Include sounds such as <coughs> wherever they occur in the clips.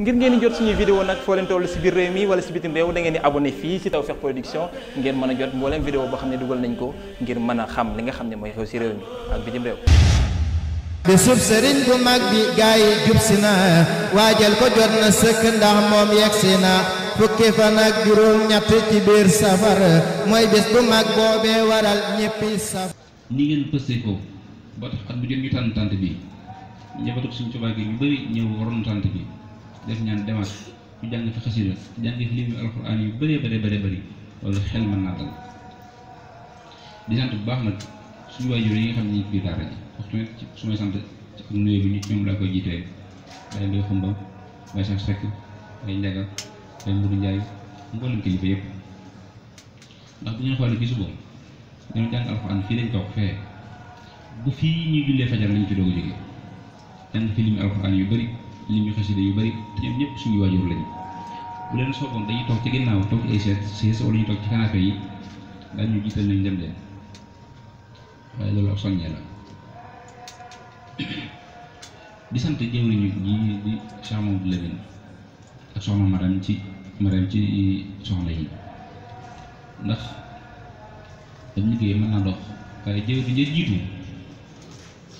ngir ngeen di jot suñuy vidéo nag foo leen si biir réew mi wala si bitim réew da ngeen di abonné fii si Tawfekh Production ngeen mën a jot mbooleem vidéo boo xam ne dugal nañ ko ngir mën a xam li nga xam ne mooy xew si réew mi ak bitim réew bi sub bu mag bi gaa yi si na waajal ko jot na sëkk ndax moom yegg si na fukki fan ak juróom ñett ci biir safar mooy bés bu mag boobee waral ñëppi safar ni ngeen pësee ko ba tax at bu jot ñu tànn bi njabootu suñu Tuubaa tànt bi def ñaan demal ku jàng fi xasida ku jàng fi limi alxuraan yu bëree bëri bëri bëri loolu xel mën naa dal di sant bu baax nag suñu waajur yi nga xam ne ñu biir daara ji su may sant ci am nuyoo bi ñu ñoom laa koy jiitee bay bay mburu njaay mboolem kilifa yëpp ndax bu ñu xoolee fii suba ñoom jàng alxuraan fii lañ toog fee bu fii ñuy jullee fajar lañ ci doog a jógee jàng fi limi alxuraan yu bari lim ñu xasida yu bari te ñoom ñëpp suñuy waajur lañu bu leen sooboon dañuy toog ci ginnaaw toog ci ay seet siis wala ñu toog ci canapé yi daal ñu jiital nañ dem leen ci maram ci soxna yi ndax dañ liggéey mën naa dox waaye jëwriñ ja jiitu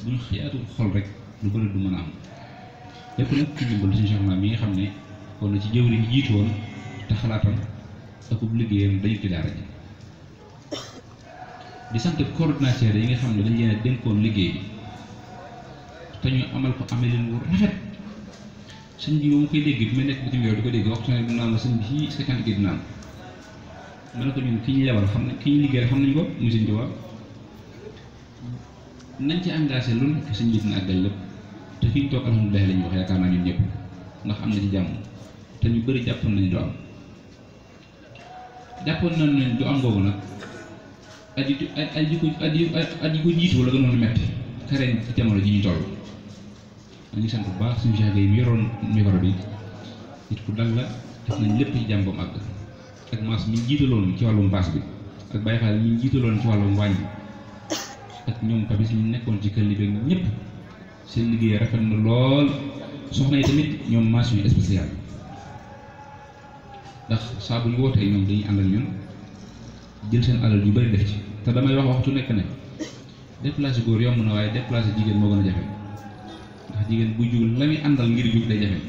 bu ñu xiyaatul xol rek lu bëri du mën a am lépp nag ci dimbalu suñu soxna mi nga xam ne kon ci jëwriñ jiitu woon te xalaatam akub liggéeyam dañu ci daara ji di sant coordinateur yi nga xam ne dañ leen a dénkoon liggéey bi te ñu amal ko amalin wu rafet sëñ bi moom koy dégg bi ma nekk bitim réew di ko dégg waxtu ne dinaa ma sëñ bi fii sa quantité dinaa ma ma ko ñun ki ñu lebal xam ne ki ñu liggéey xam nañ ko mu sëñ Tuubaa nañ ci engagé lu nekk sëñ bi dina àggal lépp te fii toog alhamdulilah la ñuy wax yaakaar naa ñun ñëpp ndax am na ci jàmm te ñu bari jàppoon nañu du am jàppoon nañu ne du am boobu nag at yi at yi gënoon metti kareen ci jamono ji ñu toll. ñu sant bu baax suñu jaage yi yoroon micro bi nit ku dal la def nañ lépp ci jàmm ba mu àgg ak maas mi jiitaloon ci wàllum baas bi ak Baye Fall mi ñu jiitaloon ci wàllum wàññi ak ñoom tamit ñu nekkoon ci kër yi beeg seen liggéey rafet na lool soxna yi tamit ñoom mention spéciale ndax saa bu ñu wootee ñoom dañuy ànd ak ñun jël seen alal yu bari def ci te damay wax waxtu nekk ne déplacé góor yomb na waaye déplacé jigéen moo gën a jafe ndax jigéen bu jug la muy àndal ngir jug day jafe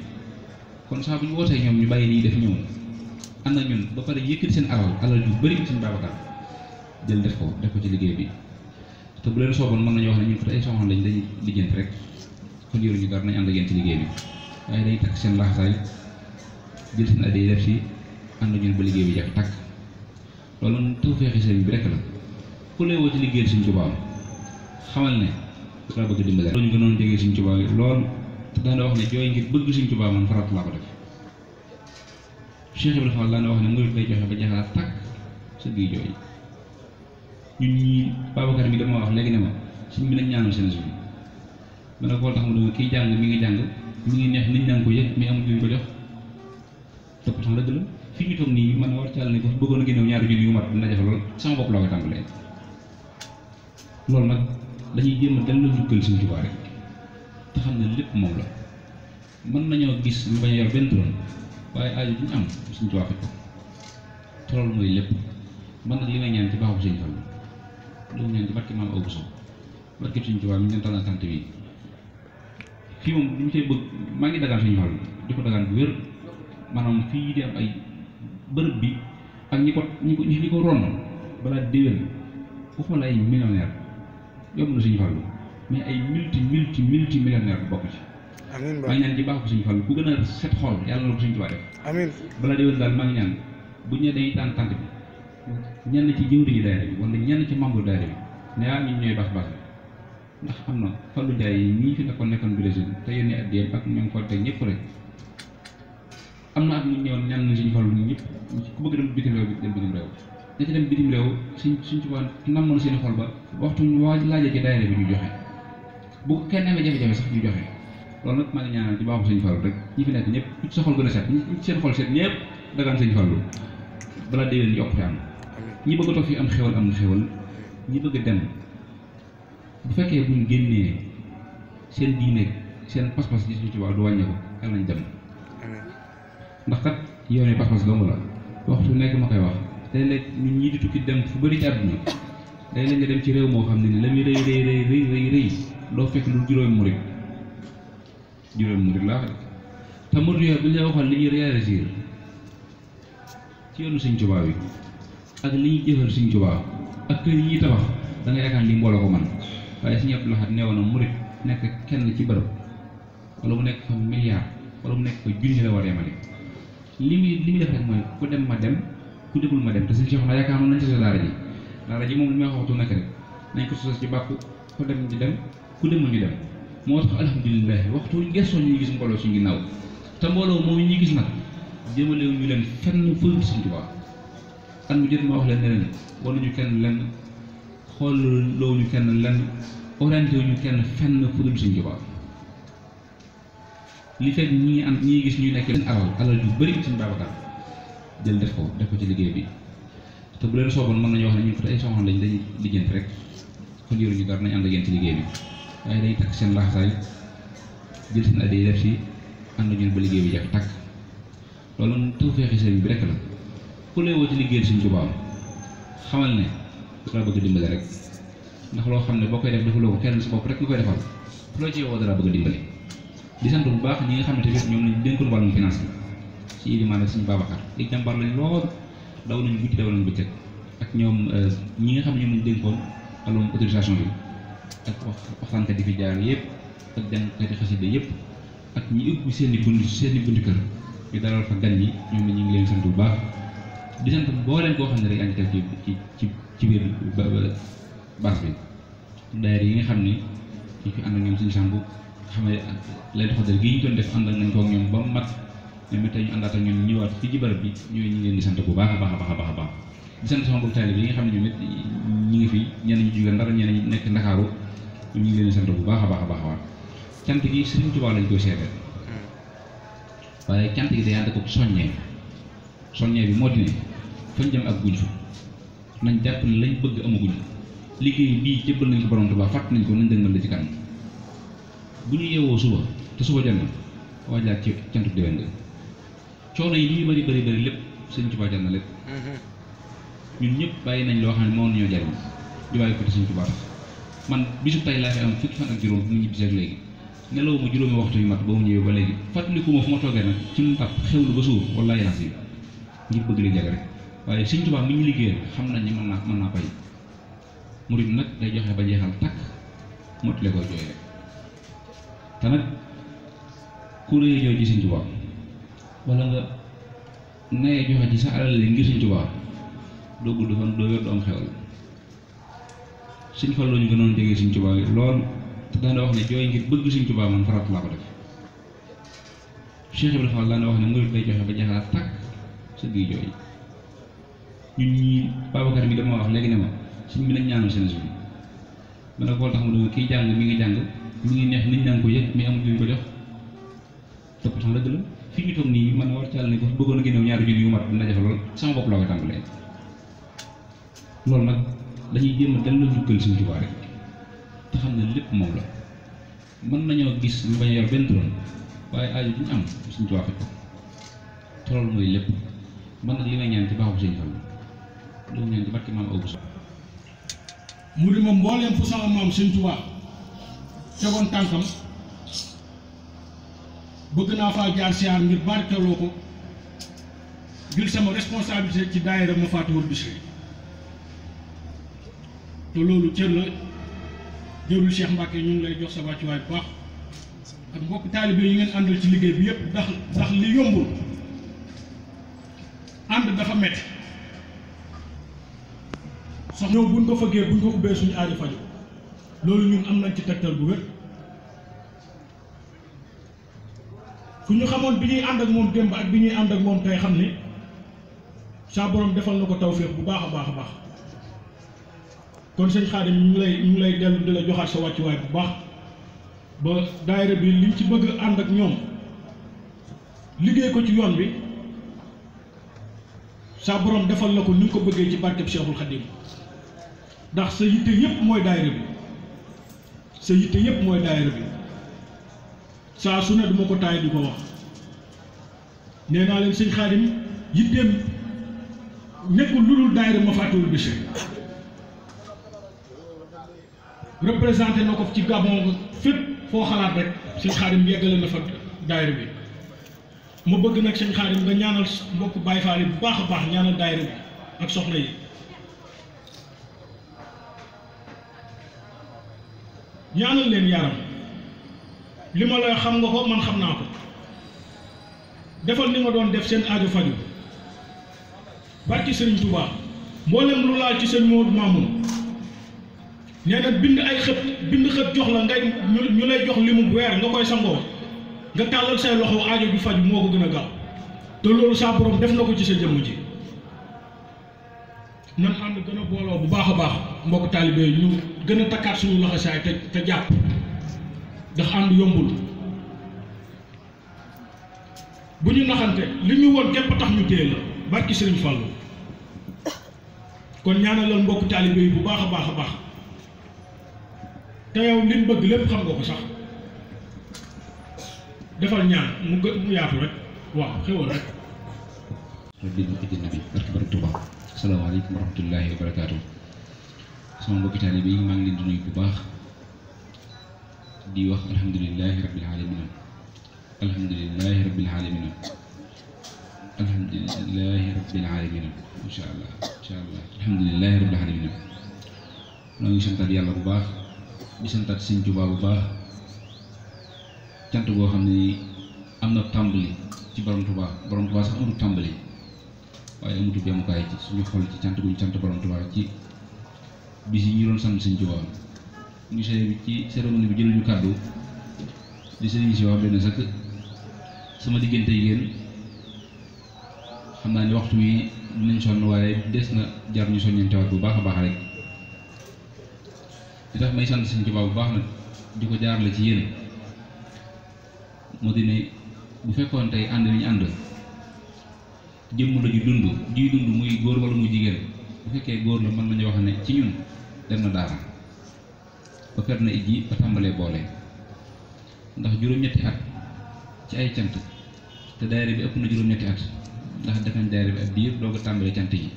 kon saa bu ñu wootee ñoom ñu bàyyi nii def ñëw ànd ak ñun ba pare yëkkati seen alal alal yu bari seen Babacar jël def ko def ko ci liggéey bi. te bu leen sooboon mën nañu wax ne ñun kat ay soxna lañ dañuy liggéeyante rek kon yoruñu dara nañ ànd la ku lay woo ci liggéeyal Sëriñ Tuubaa xamal ne laa bëgg dimbale loolu ñu gënoon jege Sëriñ Tuubaa lool te daana wax ne jooy ngir bëgg Sëriñ Tuubaa man farat laa ko def Cheikh Ibrahima daana wax ne murid lay ba jaxalaat takk sa biir jooy ñun ñii Babacar mi dama wax léegi ne ma suñ bi nañ ñaanal jeunesse bi ma ne ma kii jàng mi ngi jàng mi ngi neex nit ñaa ngi ko yëg mais amul ñu ko jox te pourtant dëgg la fii ñu a loolu nag dañuy jéem a delloo njukkal suñu Tuubaa rek te lépp moom la mën nañoo gis ñu bañ benn turam waaye aaju duñ am suñu Tuubaa faj mooy lépp man nag li may ñaan ci baaxu sëñ Fallu doon ñaan ci barke maam aw Bousso barke suñu tubaab mi ñu leen talal sant bi fii moom li ñu cay bëgg maa ngi dagaan suñu xol di ko dagaan bu wér maanaam fii di am ay bërëb bi ak ñi ko ñi ko ñi ko ron balaa déwén waxuma la ay millionnaire yomb na suñu xol mais ay multi multi multi millionnaire bokk ci. amiin maa ngi ñaan ci baax ko suñu xol ku gën a set xol yàlla na ko suñu tubaab def. balaa déwén daal maa ngi ñaan bu ñu nee dañuy bi. ñenn ci jëwriñu daayira bi wala ci membre daayira bi ne ah ñun xam na Fallou Ndiaye yi ñii fi nekkoon nekkoon Brésil te yónnee ak déem ak ñoom Fallou ñëpp rek am na at mu ñëwoon ñan na suñu Fallou ñun ñëpp ku bëgg bi dem ci dem bitim réew suñ suñ seen xol ba waxtu waa laajee ci daayira bi ñu joxe bu ko kenn amee joxe loolu nag maa ngi ñaanal ci rek ñi ñëpp ku ci sa xol gën a set seen xol set ñëpp dagaan suñu Fallou am ñi bëgg toog fii am xewal am na xewal ñi bëgg a dem bu fekkee buñ génnee seen diine seen pas-pas suñu ci wax du wàññi ko nañ dem ndax kat yoon yi pas-pas dong la waxtu nekk ma koy wax day léeg ñun ñii di tukki dem fu bëri ci àdduna day nga dem ci réew moo xam ne ni la muy rëy rëy rëy rëy doo fekk lu juróomi murit juróomi murit laa te murit bu ñu la waxoon li ñuy réagir ci yoonu Sëñ Tuubaa yi ak li ñuy jëfal Sëriñ Tuubaa ak kër yi ñuy tabax da nga li mbooloo ko man waaye Sëriñ Abdul Ahad neewoon na mu nekk kenn ci bërëb wala mu nekk fa milliard wala mu nekk fa junni la war a li muy li muy def rek ma dem ku demul ma dem te Sëriñ Cheikh na yaakaar noonu nañ sosee daara moom li may wax waxtu nekk rek nañ ko sos ci bàpp ku dem ñu dem ku demul ñu dem moo tax alhamdulilah waxtu wuñ gëstoo ñu gis mbooloo gi ginnaaw te mbooloo moom ñu gis nag jëmale ñu leen fenn fëyut Sëriñ Tuubaa am na jot ma wax leen ne leen waruñu kenn lenn xool loowuñu kenn lenn orienté wuñu kenn fenn fu dul suñu Tuubaa li fekk ñi ngi am ñi gis ñu nekk seen alal alal yu bëri suñu Babacar jël def ko def ko ci liggéey bi te bu leen sooboon mën nañu wax ne ñun kat ay soxna lañ dañuy liggéeyante rek kon yoruñu dara nañ ànd ak ci liggéey bi waaye dañuy takk seen laxasaay jël seen addiya def si ànd ñun ba liggéey bi jafe takk loolu moom tawfeexi sëriñ bi rek la. ku lay woo ci liggéeyal suñ tubaab xamal ne dara bëgg dimbale rek ndax loo xam ne boo koy def defaloo ko kenn si bopp rek nga koy defal loo ci woo dara bëgg dimbale di sant bu baax ñi nga xam ne tamit ñoom lañ dénkoon wàllum finance bi ci ilimaan ak suñu Babacar di jàmbaar lañ lool daw nañ guddi daw nañ bëccëg ak ñoom euh, ñi nga xam ne ñoom lañ dénkoon wàllum autorisation bi ak wax waxtaankat di fi jaar yëpp ak jàngkati xasida yëpp ak ñi ubbi seen i bunt seen i buntu kër ñu dalal fa gan yi ñoom ñu ngi leen sant bu baax di sant mbooleem koo xam ne rek yaa ngi teew ci ci ci ci biir bâche bi daayira yi nga xam ne ñu fi ànd ak ñoom suñu sàmbu xam ne lay doxal def ànd ak nañ ko ak ñoom ba mu mat ñu àndaat ñëwaat fii ci barab bi ñooñu ñu ngi leen di sant bu baax a baax a baax a baax a baax nga xam ne ñoom it ñu ngi fi ñenn ñu jóge Ndar ñenn ñu nekk Ndakaaru ñu ngi leen di sant bu baax a baax a baax a baax cant gi Sëriñ Tuubaa lañ koy seetal hmm. waaye cant gi day ànd ko soññee soññee bi moo di ne fañ jëm ak guñ fa nañ jàpp ne lañ bëgg amaguñ liggéey bii jébbal nañ ko borom Tuubaa fàtt nañ ko nañ dëgmal la ci kanam bu ñu yeewoo suba te suba jot na waajaat ci cantu déwén nga yi li ñu lépp sëñ Tuubaa jot na lépp ñun ñëpp bàyyi nañ loo xam ne moo ñoo jariñ di bàyyi ko te sëñ Tuubaa man bisu tay laa fi am fukki fan ak juróom bu mu ñibbisee ak léegi nelaw ma juróomi waxtu yu mat ba mu ñëwee ba léegi fàttaliku ma fu ma toogee nag ci mu tàpp xewlu ba suur wallaahi ngir bëgg di jagare waaye Sëñ Tuubaa mi ñu liggéeyal xam nañ ñi mën naa mën naa fay murit nag day joxe ba jeexal moo mottale koy jooy rek te nag ku rëy jooy ci Sëñ Tuubaa wala nga naye joxe ci sa alal ngir Sëñ Tuubaa doo gudd fan doo yor doo am xewal Sëñ Fallu ñu gënoon jege Sëñ Tuubaa lool te daana wax ne jooy ngir bëgg Sëñ Tuubaa man farat laa ko def Cheikh Ibrahima Fall daana wax ne murit day joxe ba jeexal takk sa biir jooy ñun ñii Babacar mi dama wax léegi ne ma suñ bi nañ ñaanal seen suñu ma ne ko tax ma ne kii jàng mi ngi jàng mi ngi neex nit ñaa ngi ko yëg mais amul lu ñu ko jox te pourtant dëgg la fi ñu toog nii man war caa la ne ko bëggoon a génnew ñaari junni yu mat dina jafe lool sama bopp laa ko tàmbalee loolu nag dañuy jéem a delloo njukkal suñu tubaab rek te xam ne lépp moom la mën nañoo gis ñu bañ a yor benn turam waaye aaju bu ñu am suñu tubaab ko te loolu mooy lépp. man nag li may ñaan ci baaxu sëñ Fall li ma ñaan fu sama moom sëñ Tuubaa tegoon tànkam bëgg naa faa jaar siyaar ngir barkeloo ko jël sama responsabilité ci daayira ma faatuwul Bichri te loolu cër la jërul Cheikh Mbacke ñu ngi lay jox sa wàccuwaay bu baax ak mbokk taalibe yi ngeen àndal ci liggéey bi yëpp ndax ndax li yombul ànd dafa metti sax ñëw buñ ko fëggee buñ ko ubbee suñu aaju faju loolu ñun am nañ ci tegtal bu wér fu ñu xamoon bi ñuy ànd ak moom démb ak bi ñuy ànd ak moom tey xam ni saa borom defal na ko tawféex bu baax a baax a baax kon sëñ Xaadim ñu ngi lay ñu ngi lay dellu di la joxaat sa wàccuwaay bu baax ba daayira bi liñ ci bëgg ànd ak ñoom liggéey ko ci yoon bi sa borom defal na ko ni nga ko bëggee ci barkeb Cheikhul Khadim ndax sa yitte yépp mooy daayira bi sa yitte yépp mooy daayira bi saa su ne duma ko taay di ko wax nee naa leen sëñ Xaadim yitteem nekkul lu dul daayira Mafatihul Bichri représenté na ko ci Gabon fépp foo xalaat rek sëñ Xaadim yeggale na fa daayira bi ma bëgg nag sëñ Xaadim nga ñaanal mbokk Baay Faal yi bu baax a baax ñaanal daayira bi ak soxna yi ñaanal leen yaram li ma la xam nga ko man xam naa ko defal li ma doon def seen aajo faju barki sëriñ Touba mboolem lu laal ci seen Maodo Mamoun nee na bind ay xët bind xët jox la ngay ñu lay jox mu weer nga koy sangoo nga tàllal say loxo aajo bu faju moo ko gën a gaaw te loolu saa def na ko ci sa jëmm ji nan ànd gën a booloo bu baax a baax mbokk taalibe ñu gën a takkaat suñu loxo saay te te jàpp ndax ànd yombul bu ñu naxante li ñu woon képp tax mu téye la barki Sëriñ Fàllu kon ñaanalal mbokk taalibe yi bu baax a baax a baax te yow li mu bëgg lépp xam nga ko sax defal ñaan mu gë mu yaatu rek waaw xewal rek. rabbi mu ijjin nabi barke bari Tuuba asalaamaaleykum wa rahmatullahi wa barakaatu sama mbokki taalibe yi maa ngi leen di nuyu bu baax di wax alhamdulilahi rabbil alamina alhamdulilahi rabbil alamina alhamdulilahi rabbil alamina incha allah incha allah alhamdulilahi rabbil alamina maa ngi santaat yàlla bu baax di santaat sëñ Tuuba bu baax. cant boo xam ne nii am na tàmbali ci borom Tuubaa borom Tuubaa sax amul tàmbali waaye amutu bemukaay ci suñu xol ci cant guñ cant borom Tuubaa ci bis yi ñu sant Sëñ Tuubaa monsieur bi ci cérémonie bi jëluñu kàddu di sëriñ si wax benn sëkk sama diggante yéen xam naa ni waxtu wi dinañ sonn waaye des na jar ñu soññantewaat bu baax a baax rek li tax may sant Sëñ Tuubaa bu baax nag di ko jaarale ci yéen moo di bu fekkoon tey ànd nañu ànd jëmm la ju dund juy dund muy góor wala muy jigéen bu fekkee góor la mën nañu wax ne ci ñun dem na daara ba fer na ijji ba tàmbalee boole ndax juróom-ñetti at ci ay cant te daayira bi ëpp na juróom-ñetti at ndax def nañ daayira bi ab diir doog a tàmbalee cant yi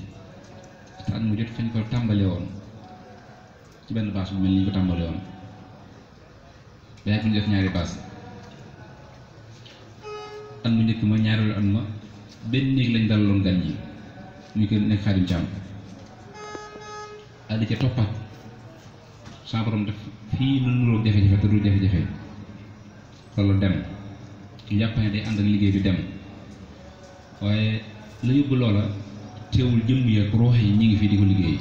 te at mu jot fañ ko tàmbalee woon ci benn baas bu mel ni ko tàmbalee ba yàgg ñu def ñaari baas at mu njëkk ma ñaareelu at ma benn néeg lañ dalaloon gan yi ñu koy nekk xaadim caam daal di ca def fii lu nuroog jafe-jafe te du jafe-jafe loolu dem jàpp ne day ànd ak liggéey bi dem waaye la yóbbu loola teewul jëmm yeeg roox yi ñu ngi fii di ko liggéey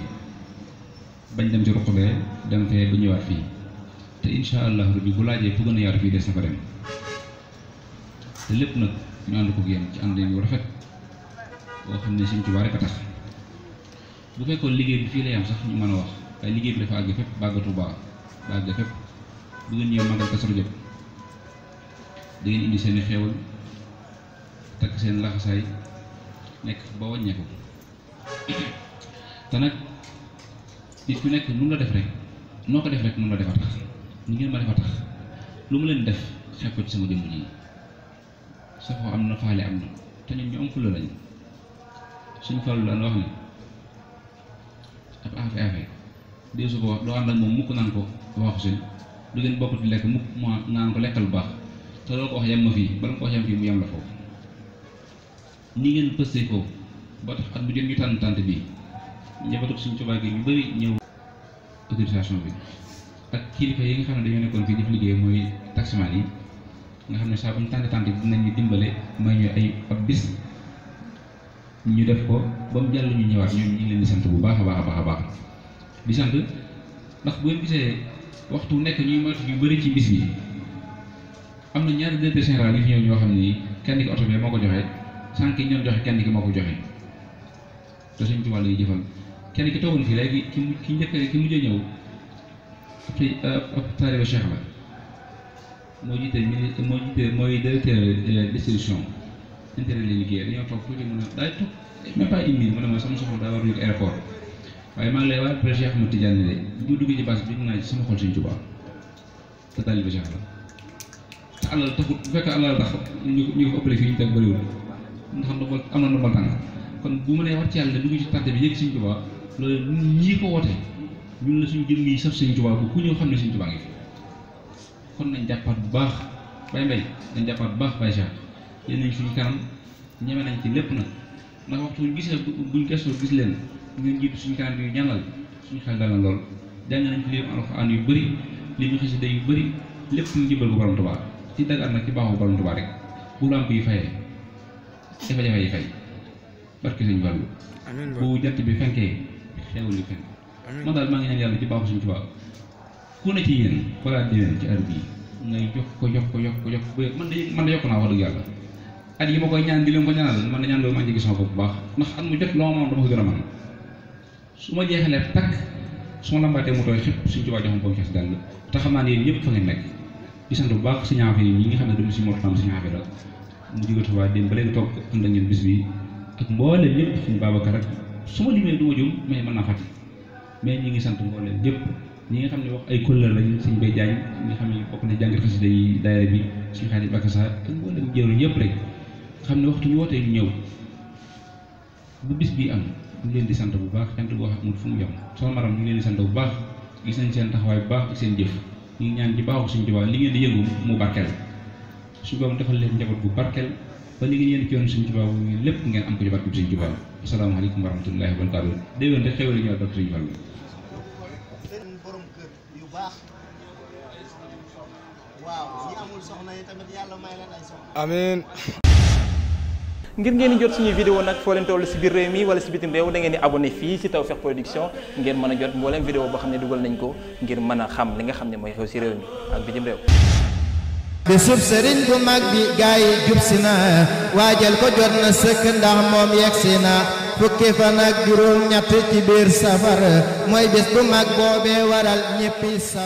bañ dem ci ruq bee dem fee ba ñëwaat fii te incha allah rabbi bu laajee fu gën a yaatu fii des na fa dem te lépp nag ñu ànd ko yéen ci ànd yu rafet boo xam ne suñ ci war a tax bu fekkoon liggéey bi fii la sax ñu mën a wax waaye liggéey bi dafa àgg fépp bàggatu baax bàgg fépp bu ngeen ñëw magal Kazu seen i xéewal seen laxasaay nekk ba wàññeeku <coughs> te nekk mun la def rek noo ko def rek mun la defa tax ñu ngeen ma defa tax lu mu leen def xepp ci sama jëmm ji safoo am na faale am na te nit ñu fulla lañ suñ fàllu daan wax ne ab afe afe dee su ko wax doo ànd ak moom mukk naan ko waxu suñ du ngeen bokk di lekk mukk mu naan ko lekkal baax te loolu ko wax yem ma fii bala nga ko wax yem fii mu yem la foofu ni ngeen pëste ko ba tax at bu jëm ñu tànn tànt bii njabootu suñ tubaab gi ñu bëri ñëw autorisation bi ak kilifa yi nga xam ne dañoo nekkoon fii def liggéey mooy taximaan yi nga xam ne saa bu ñu tànn tànn dinañu dimbale may ñu ay ab bis ñu def ko ba mu jàll ñu ñëwaat ñoom ñu leen di sant bu baax a baax a baax a baax di sant ndax bu ngeen gisee waxtu nekk ñuy moytu yu bari ci bis bi am na ñaari directeur général yi fi ñëw ñoo xam ne kenn ki oto bi moo ko joxe sànq yi ñoom joxe kenn ki moo ko joxee te suñ ci wàllu yi jëfal kenn ki toogoon fii léegi ki mu ki njëkk ki mujjee ñëw ab ab taalibe la. moo jiite ministre mooy directeur distribution internet la liggéey dañoo toog tuuti mu ne daay toog même pas une minute mu ne sama soxla daa war a yóbbu aéroport waaye maa ngi lay waat projet Cheikh Ahmed Tidiane de bu ma duggee ci bâche bi naa ci sama xol Sëñ Tuubaa te taalibe Cheikh la te alal taxut bu fekkee alal tax ñu ñu am na ndombal tànk kon bu ma nee wax ci yàlla dugg ci tàtte bi yëg Sëñ Tuubaa loolu ñii ko woote ñun la suñu saf Sëñ Tuubaa ku ñëw xam ne Sëñ Tuubaa ngi kon nañ jàppaat bu baax bay mbay nañ jàppaat bu baax bay Cheikh yéen nañ suñu kanam ñeme nañ ci lépp nag ndax waxtu buñ gisee buñ gëstoo gis leen ngeen jiitu suñu kanam yu ñaanal suñu xel dal na lool jàng nañ ci lim alxuraan yu bëri li ñu xasida yu bëri lépp ñu jibal ko borom Tuubaa ci am nag ci baaxu borom Tuubaa rek bu lamp yi fayee jafe-jafe yi fay barke Sëñ Fallu bu jant bi fenkee xewul yu fenk man daal maa ngi ñaan yàlla ci baaxu suñu Tuubaa ku ko jox ko jox ko jox ko man de man de yokk naa wax dëgg yàlla at ma koy ñaan di leen ko ñaanal man de ñaan loolu maa ngi bu baax ndax at mu jot su ma jeexalee takk su ma lambaatee mu tooy xëpp suñ tubaab jox ma boobu xes dàll te xam naa ne yéen ñëpp fa ngeen nekk baax si ñaafe yi ñi xam ne si mor tam si ñaafe la mu dem ba leen toog ànd ak ñun bis bi ak mboole lépp suñu Babacar rek su ma limee du ma jum mais naa fàtte mais ñi ngi sant mboole lépp ni nga xam ne wax ay kuréel lañu suñ bay jàng ñi nga xam ne bokk na jàngat xasida yi daayira bi suñu xarit yëpp rek xam ne waxtu ñu wootee ñëw bu bis bii am leen di sant bu baax sant boo xam fu mu yem soxna Maram ñu ngi leen di sant bu baax gis nañ seen taxawaay bu baax ak seen jëf ñu ñaan di baaxu suñu tubaab li ngeen di yëngu mu barkeel su boobu defal leen njaboot bu barkeel ba li ngeen yéen ci yoon suñu tubaab lépp ngeen am ko ci barkeel suñu tubaab asalaamaaleykum wa rahmatullahi wa barakatuh déwén rek xéwal ñëw dok suñu fàll seen borom kër yu baax waaw yi tamit yàlla may leen ay ngir ngeen jot suñuy vidéo nag foo leen toll si biir réew mi wala si bitim réew da ngeen di abonné fii si Tawfekh Production ngeen mën a jot mbooleem vidéo boo xam ne dugal nañ ko ngir mën a xam li nga xam ne mooy xew si réew mi ak bitim réew bisub sëriñ bu mag bi gaa yi waajal ko jot na sëkk ndax moom yegg na fukki fan ak juróom ñett ci biir safar mooy bis bu mag waral ñéppi safar